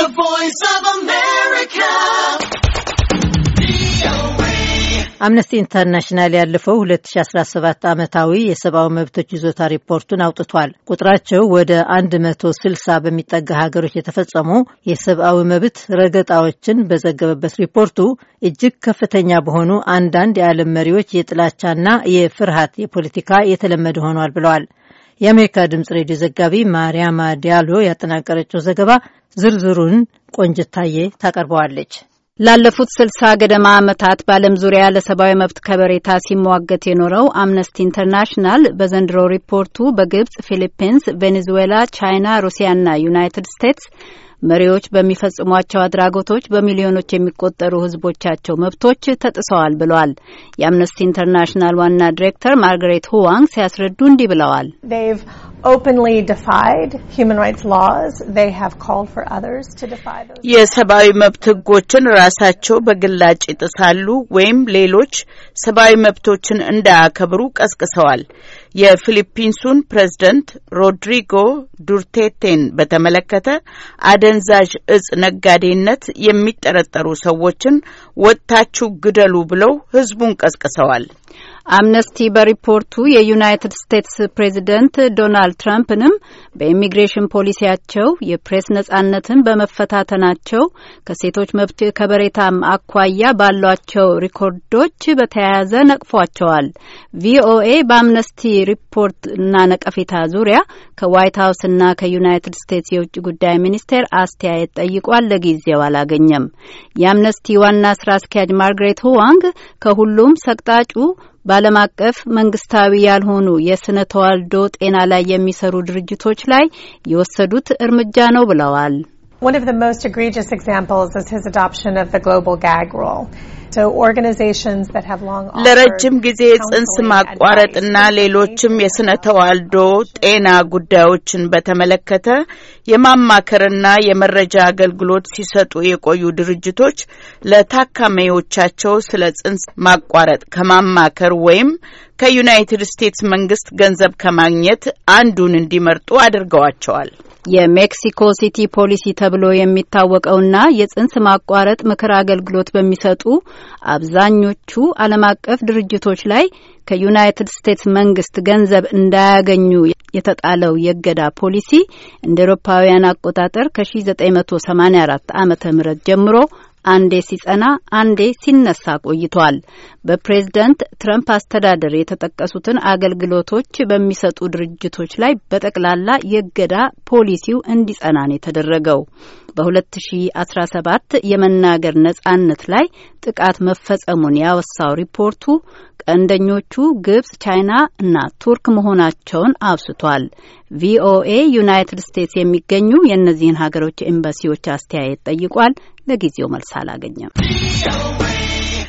The Voice of America. አምነስቲ ኢንተርናሽናል ያለፈው 2017 ዓመታዊ የሰብአዊ መብቶች ይዞታ ሪፖርቱን አውጥቷል። ቁጥራቸው ወደ 160 በሚጠጋ ሀገሮች የተፈጸሙ የሰብአዊ መብት ረገጣዎችን በዘገበበት ሪፖርቱ እጅግ ከፍተኛ በሆኑ አንዳንድ የዓለም መሪዎች የጥላቻና የፍርሃት የፖለቲካ የተለመደ ሆኗል ብለዋል። የአሜሪካ ድምፅ ሬዲዮ ዘጋቢ ማርያማ ዲያሎ ያጠናቀረችው ዘገባ ዝርዝሩን ቆንጅታዬ ታቀርበዋለች። ላለፉት ስልሳ ገደማ ዓመታት በዓለም ዙሪያ ለሰብአዊ መብት ከበሬታ ሲሟገት የኖረው አምነስቲ ኢንተርናሽናል በዘንድሮ ሪፖርቱ በግብጽ፣ ፊሊፒንስ፣ ቬኔዙዌላ፣ ቻይና፣ ሩሲያና ዩናይትድ ስቴትስ መሪዎች በሚፈጽሟቸው አድራጎቶች በሚሊዮኖች የሚቆጠሩ ህዝቦቻቸው መብቶች ተጥሰዋል ብለዋል። የአምነስቲ ኢንተርናሽናል ዋና ዲሬክተር ማርገሬት ሁዋንግ ሲያስረዱ እንዲህ ብለዋል። የሰብአዊ መብት ህጎችን ራሳቸው በግላጭ ይጥሳሉ ወይም ሌሎች ሰብአዊ መብቶችን እንዳያከብሩ ቀስቅሰዋል። የፊሊፒንሱን ፕሬዝደንት ሮድሪጎ ዱርቴቴን በተመለከተ አደ በአደንዛዥ እጽ ነጋዴነት የሚጠረጠሩ ሰዎችን ወጥታችሁ ግደሉ ብለው ህዝቡን ቀስቅሰዋል። አምነስቲ በሪፖርቱ የዩናይትድ ስቴትስ ፕሬዚደንት ዶናልድ ትራምፕንም በኢሚግሬሽን ፖሊሲያቸው የፕሬስ ነጻነትን በመፈታተናቸው ከሴቶች መብት ከበሬታም አኳያ ባሏቸው ሪኮርዶች በተያያዘ ነቅፏቸዋል። ቪኦኤ በአምነስቲ ሪፖርት እና ነቀፌታ ዙሪያ ከዋይት ሀውስና ከዩናይትድ ስቴትስ የውጭ ጉዳይ ሚኒስቴር አስተያየት ጠይቋል። ለጊዜው አላገኘም። የአምነስቲ ዋና ስራ አስኪያጅ ማርግሬት ሁዋንግ ከሁሉም ሰቅጣጩ በዓለም አቀፍ መንግስታዊ ያልሆኑ የስነ ተዋልዶ ጤና ላይ የሚሰሩ ድርጅቶች ላይ የወሰዱት እርምጃ ነው ብለዋል። One of the most egregious examples is his adoption of the global gag rule. ለረጅም ጊዜ ጽንስ ማቋረጥና ሌሎችም የስነ ተዋልዶ ጤና ጉዳዮችን በተመለከተ የማማከርና የመረጃ አገልግሎት ሲሰጡ የቆዩ ድርጅቶች ለታካሚዎቻቸው ስለ ጽንስ ማቋረጥ ከማማከር ወይም ከዩናይትድ ስቴትስ መንግስት ገንዘብ ከማግኘት አንዱን እንዲመርጡ አድርገዋቸዋል። የሜክሲኮ ሲቲ ፖሊሲ ተብሎ የሚታወቀውና የጽንስ ማቋረጥ ምክር አገልግሎት በሚሰጡ አብዛኞቹ ዓለም አቀፍ ድርጅቶች ላይ ከዩናይትድ ስቴትስ መንግስት ገንዘብ እንዳያገኙ የተጣለው የእገዳ ፖሊሲ እንደ ኤሮፓውያን አቆጣጠር ከ1984 ዓ ም ጀምሮ አንዴ ሲጸና አንዴ ሲነሳ ቆይቷል። በፕሬዝደንት ትረምፕ አስተዳደር የተጠቀሱትን አገልግሎቶች በሚሰጡ ድርጅቶች ላይ በጠቅላላ የእገዳ ፖሊሲው እንዲጸና ነው የተደረገው። በ2017 የመናገር ነጻነት ላይ ጥቃት መፈጸሙን ያወሳው ሪፖርቱ ቀንደኞቹ ግብጽ፣ ቻይና እና ቱርክ መሆናቸውን አብስቷል። ቪኦኤ ዩናይትድ ስቴትስ የሚገኙ የእነዚህን ሀገሮች ኤምባሲዎች አስተያየት ጠይቋል። ለጊዜው መልስ አላገኘም።